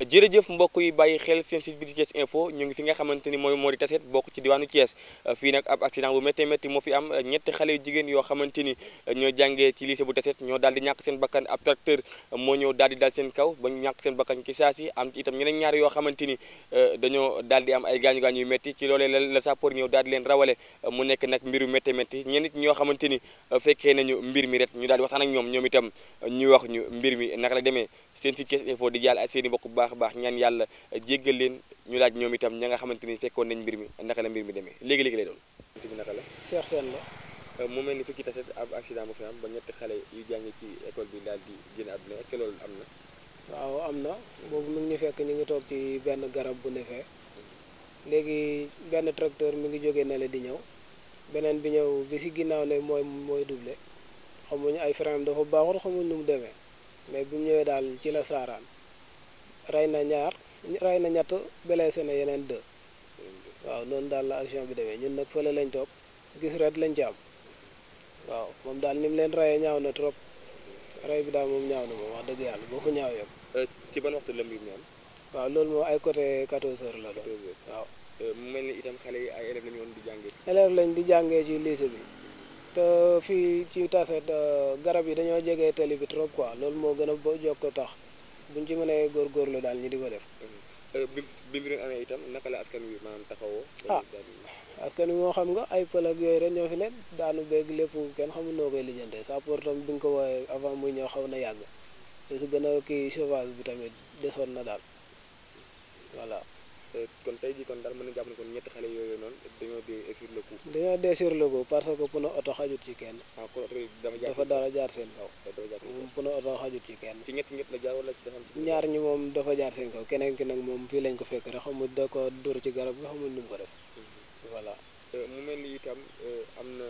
jërëjëf mbokk yi bàyyi xel seen site bi di Thiès Info ñu ngi fi nga xamante ni mooy Mori Tassette bokk ci diwaanu Thiès fii nag ab accident bu métti métti moo fi am ñetti xale yu jigéen yoo xamante ni ñoo jàngee ci lycée bu Tassette ñoo daal di ñàkk seen bakkan ab tracteur moo ñëw daal di dal seen kaw ba ñu ñàkk seen bakkan ci saa si am ci itam ñeneen ñaar yoo xamante ni euh, dañoo daal di am ay gaañu gaañu yu métti ci loolee la la sappoor ñëw daal di leen rawale mu nekk nag mbiru métti métti ñenn nit ñoo xamante ni euh, fekkee nañu mbir mi ret ñu daal di waxtaan ñoom ñoom itam ñu wax ñu mbir mi naka la demee seen site Thiès Info di jàll baax baax baax ñaan yàlla jéggal leen ñu laaj ñoom itam ña nga xamante ni fekkoon nañ mbir mi naka la mbir mi demee léegi-léegi lay doon. bi naka la. Cheikh Sène la. Euh, mu mel ni ku ci tase ab accident bu fi am ba ñetti xale yu jàngee ci école bi daal di génn àdduna est loolu am na. waaw am na boobu mu ñu fekk ñu ngi toog ci benn garab bu ne fee léegi benn tracteur mu ngi jógee na le di ñëw beneen bi ñëw bi si ginnaaw ne mooy mooy doublé xamuñu ay frein dafa baaxul xamuñ nu mu demee mais bi mu ñëwee daal ci la saaraan rey na ñaar rey na ñett blessé na yeneen deux waaw noonu daal la action bi demee ñun nag fële lañ toog gis ret lañ ci am waaw moom daal ni mu leen reyee ñaaw na trop rey bi daal moom ñaaw na moom wax dëgg yàlla boo ko ñaaw yem. Euh, ci ban waxtu la mbir waaw loolu moo ay côté 14 heures la doon. waaw. Euh, mel ni itam xale yi ay élèves lañu di jàngee. élèves lañ di jàngee ci lycée bi te fii ci taset euh, garab yi dañoo jegee tali bi trop quoi loolu moo gën a ba jokk tax. bu buñ ci mënee góorgóorlu daal ñi di ko def. Euh, bi bi mbirum amee itam naka la askan wi maanaam taxawoo. ah askan wi moo xam nga ay pël ak yooyu rek ñoo fi nekk daanu beeg lépp kenn xamul noo koy lijjantee sa pour tam bi nga ko woowee avant muy ñëw xaw na yàgg te su gën a kii chauffage bi tamit desoon na daal voilà. Euh, kon tey jii kon daal mën na jàpp ne kon ñetti xale yooyu noonu dañoo dee sur le coup. dañoo dee sur le coup parce que pneu oto xajut ci kenn. ah kon dafa dafa jaar seen kaw. dafa jaar seen kaw pneu oto xajut ci kenn. ci ñett ñett la jaar wala ñaar ñi moom dafa jaar seen kaw keneen ki nag moom fii lañ ko fekk rek xamul da ko dóor ci garab bi xamul nu mu ko def. Mm-hmm. voilà. Euh, mu mel ni itam euh, am na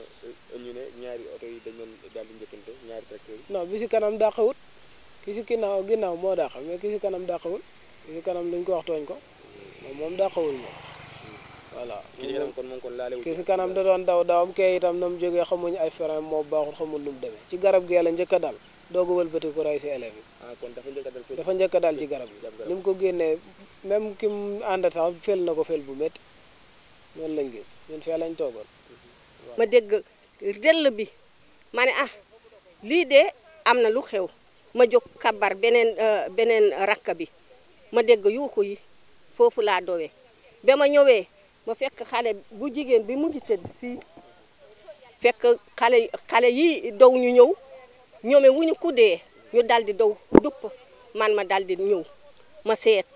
ñu ne ñaari oto yi dañ doon daal di njëkkante ñaari tracteurs yi. non bi si kanam dàqawut ki si ginnaaw ginnaaw moo dàq mais ki si kanam dàqawut ki si kanam luñ ko wax tooñ ko moom moom dàqawul moom voilà ki si kanam da doon daw dawam kee itam na mu jógee xamuñ ay frein moo baaxul xamul lu demee ci garab gee la njëkk a dal dooga wëlbati ku rey ah, dafa njëkk a dal ci garab yi ni mu ko génnee même ki mu ànd sax fel na ko fel bu métti noonu lañ gis ñun fee lañ toogoon mhm. ma dégg dell bi ma ne ah lii de am na lu xew ma jóg kabar beneen euh, beneen rakk bi ma dégg yuuxu yi foofu laa dowee be ma ñëwee ma fekk xale bu jigéen bi mu ngi tëdd fekk xale yi dow ñu ñëw ñoome wu ñu ku dee ñu daldi di dow dupp man ma daldi di ñëw ma seet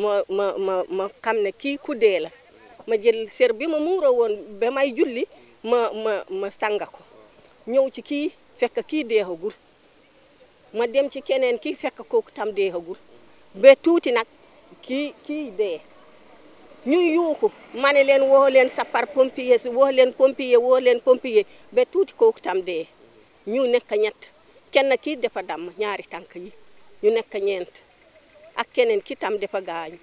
ma ma ma ma xam ne kii ku dee la ma jël ser bi ma muuroo woon ba may julli ma ma ma sanga ko ñëw ci kii fekk kii deexagul ma dem ci keneen kii fekk kooku tam deexagul ba tuuti nag kii ki dee ñu yuuxu ma ne leen woo leen sapar pompier woo leen pompier woo leen pompier ba tuuti kooku tam dee ñu nekk ñett kenn kii defa damm ñaari tànk yi ñu nekk ñeent ak keneen ki tam dafa gaañu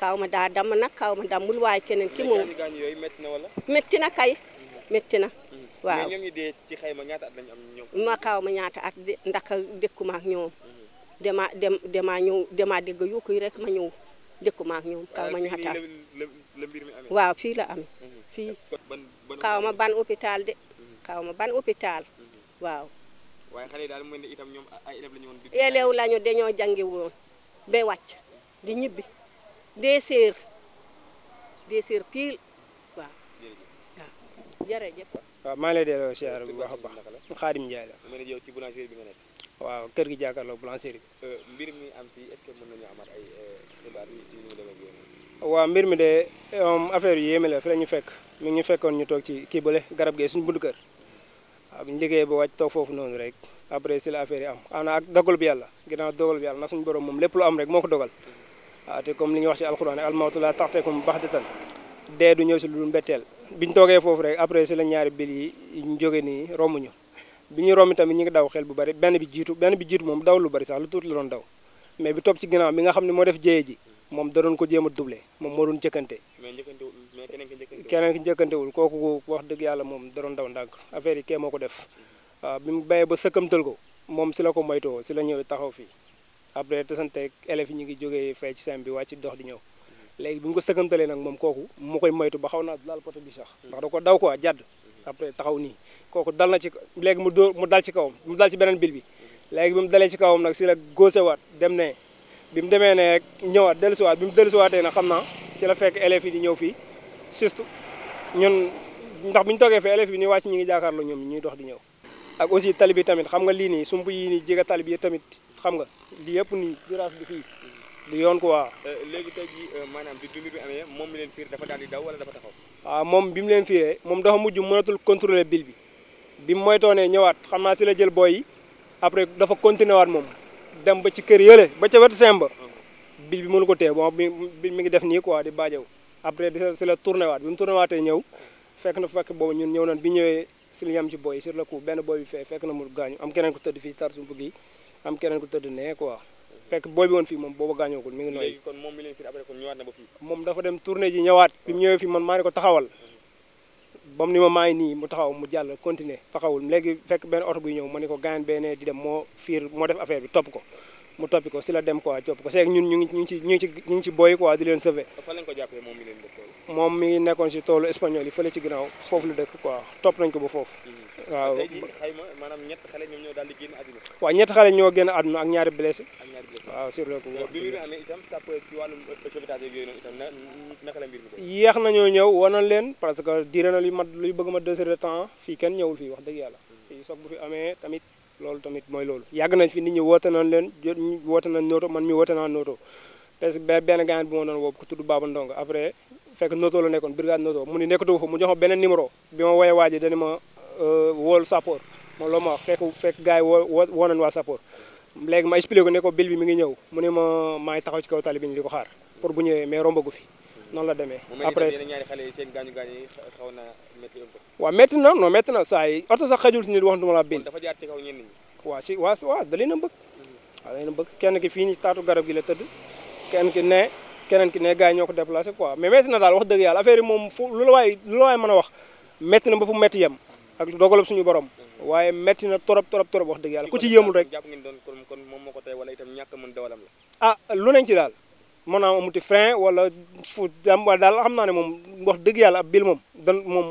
kaw ma daa damm na kaw ma dammul waaye keneen ki moom metti na kay metti na hmm. waaw ñoom ñu ñaata at lañu am ñoom ma ñaata at ndax dëkkuma ak ñoom hmm. dama dem dama ñëw dama dégg rek ma ñëw njëkkuma ak ñoom kaw ma ñu xataal ah, waaw fii la am mhm. fii kaw ma ban hôpital de mhm. kaw ma ban hôpital mhm. waaw waaye xale yi daal mu ne itam ñoom ay dañoo jàngi woon ba wàcc di ñibbi deux heures deux heures pile waaw ah, maa ngi lay delloo siyaar bu baax a baax Xaadim Njaay la bi waaw kër gi jàkkaarloog blancheri bi. Euh, mbir mi am ay euh, xibaar mbir mi de um, affaire yu yéeme la fi la ñu fekk mi ñu fekkoon ñu toog ci kii bële garab gee suñu buntu kër waaw ñu liggéey ba wàcc toog foofu noonu rek après si la affaire yi am xanaa ak dogal bi yàlla ginnaaw dogal bi yàlla na suñu borom moom lépp lu am rek moo ko dogal waaw te comme li ñu wax ci alxuraan almawtu laa ko mu taxteekum baxdatan dee du ñëw si lu dul mbetteel biñ toogee foofu rek après si la ñaari bil yi jóge nii romb bi ñuy romb tamit ñu ngi daw xel bu bari benn bi jiitu benn bi jiitu moom daw lu bari sax lu tuuti la doon daw mais bi topp ci ginnaaw bi nga xam ne moo def moom da ko jéem a doublé moom moo doon jëkkante keneen ki njëkkantewul kooku wax dëgg yàlla moom da doon daw ndànk affaire yi kee moo ko def bi mu bàyyee ba sëkkamtal ko moom si la ko moytoo si la ñëw taxaw fii après tesante élèves yi ñu ngi jógee fay ci sem bi ci dox di ñëw léegi bi mu ko sëkkamtalee nag moom kooku mu koy moytu ba xaw naa laal poto bi sax ndax da ko daw quoi jàdd après taxaw nii kooku dal na ci léegi mu dóor mu dal ci kawam mu dal ci beneen bil bi léegi bi mu dalee ci kawam nag si la góosewaat dem ne bi mu demee ne rek ñëwaat dellusiwaat bi mu dellusiwaatee nag xam naa ci la fekk élèves yi di ñëw fii surtout ñun ndax bi ñu toogee fi bi ni nii wàcc ñi ngi jàkkaarloo ñoom ñuy dox di ñëw ak aussi tali bi tamit xam nga lii nii sump yii nii jege talib bi tamit xam nga lii yëpp nii virage bi fii du yoon quoi. Euh, léegi tey jii euh, maanaam bi bi amee moom leen fiir dafa daal di daw wala dafa taxaw. waaw ah, moom bi mu leen fiiree moom dafa mujj mënatul contrôler bil bi bi mu moytoonee ñëwaat xam naa si la jël booy après dafa continuer waat moom dem ba ci kër yële ba ca wetu Semba. Mm-hmm. bil bi mënu ko téye bon bi mu ngi def nii quoi di baajew après si la tourné waat bi mu tourné waatee ñëw fekk na fekk boobu ñun ñëw nañ bi ñëwee si li yam ci booy sur le coup benn booy bi fee fekk na mu gaañu am keneen ko tëdd fii tar suñu am keneen ko tëdd nee quoi. fekk booy bi woon fii moom booba gaañoogul ngi moom dafa dem tournée ji ñëwaat bi mu ñëwee fii man maa ne ko taxawal ba mu ni ma maa ngi mu taxaw mu jàll continuer taxawul léegi fekk benn oto buy ñëw ma ne ko gaañ benn di dem moo fiir moo def affaire bi topp ko mu toppi ko si la dem ko seeg ñu ngi ñu ngi ci ñu ngi ci ñu ngi ci booy quoi di leen sauver moom mi ngi nekkoon si toolu espagnol yi fële ci ginnaaw foofu la dëkk quoi topp nañ ko ba foofu mhm. waaw ñett xale ñoo génn àdduna ak ñaari blessé waaw surtout. bi mbir mi amee itam sappo ci wàllum sauvetage yooyu noonu nañoo ñëw wanoon leen parce que diire na luy mat luy bëgg ma deux heures de temps fii kenn ñëwul fii wax dëgg yàlla. Hmm. fii bu fi amee tamit loolu tamit mooy loolu. yàgg nañ fi nit ñi woote nañ leen jot woote nañ nooto man mi woote naa nooto parce que benn gaañ bu ma doon woo ku tudd Baba Ndongo après fekk nooto la nekkoon brigade nooto mu ni nekkatu fa mu jox ma beneen numéro bi ma woowee waa ji dana ma euh, wool sappoor moom loo ma wax fekk fekk gars yi woo woo nañ waa sappoor léegi ma expliqué ko ne ko bil bi mi ngi ñëw mu ne ma maa ngi taxaw ci kaw tali bi ñu di ko xaar pour bu ñëwee mais rombagu fi noonu la demee. après waaw métti na non métti sax xajul si nit wax duma la bil. dafa jaar da leen a bëgg. Mhm. waaw da leen a bëgg kenn ki fii nii taatu garab gi la tëdd kenn ki ne keneen ki ne gars ñoo ko déplacé quoi mais métti na daal wax dëgg yàlla affaire moom fu lu la waay lu la waay mën a wax métti na ba fu métti yem ak dogalub suñu borom waaye metti na torop torop torop wax dëgg yàlla ku ci yéemul rek jàpp ngeen doon kon moom moo ko tey wala itam ñàkk mën dawalam la ah lu nañ ci daal mën a amuti frein wala fu am daal xam naa ne moom wax dëgg yàlla ab moom dan moom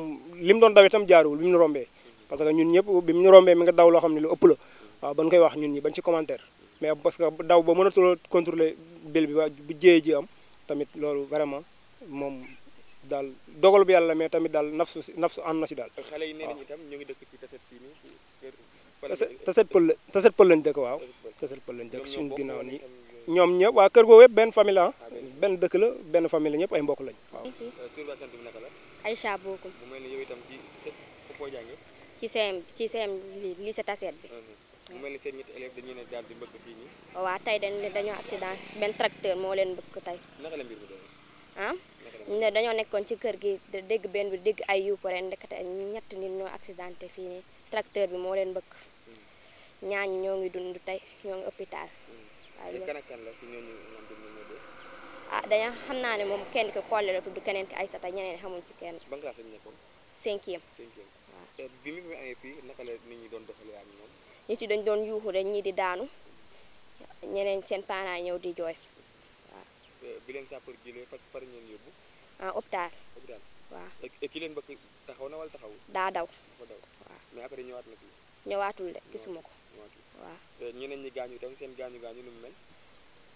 li mu doon daw itam jaaruwul bi mu ñu rombee parce que ñun ñëpp bi mu ñu rombee mi nga daw loo xam ne lu ëpp la waaw ban koy wax ñun ñi bañ ci commentaire mais parce que daw ba mënatuloo contrôler bil bi waa bu jéyee ji am tamit loolu vraiment moom daal dogal bu yàlla mais tamit daal nafsu nafsu ànd na si daal. xale yi nee nañu pël la taset pël lañ dëkk waaw. taset pël lañ dëkk suñu ginnaaw nii. ñoom ñëpp waa kër googu yëpp benn famille la ah, benn dëkk la benn famille la ñëpp ay mbokk lañ waaw. Euh, Aïcha Bokum. bu mel ni ci foo jàngee. ci CM ci bi. Ah, ah. mu mel ni seen ñetti élèves dañuy ne daal di mbëkk fii nii. waaw tey dañu dañoo benn tracteur moo leen mbëkk tey. ne dañoo nekkoon ci kër gi dégg benn bi dégg ay yuupu ren ndekete ñett nit ñoo accidenté fii nii tracteur bi moo leen bëkk hmm. ñaañ ñoo ngi dund tey ñoo ngi hôpital. Hmm. waaye dañoo ah, xam naa ne moom kenn ki Collé la tudd keneen ki Aysata ñeneen xamuñ ci kenn. ban classe lañ nekkoon. cinquième. cinquième waaw. bi mu amee fii naka la nit ñi doon doxalee ak ñoom. nit yi dañ doon yuuxu rek ñii di daanu ñeneen seen parents ñëw di jooy. bi sa sapeur jëlee fa far ngeen yóbbu. ah hôpital. hôpital waaw. te ki leen bëgg taxaw na wala taxawul. daa daw dafa daw waaw mais après na fi. ñëwaatul de gisuma ko. ñëwaatul waaw. te ñeneen ñi gaañu itam seen gaañu gaañu nu mu mel.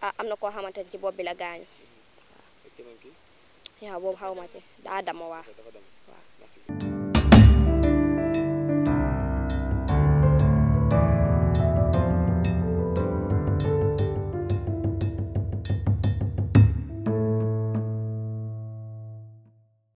ah am na koo xamante ne ci bopp bi la gaañu. waaw mm-hmm. ak keneen ki. boobu xaw ma ci daa dama waaw.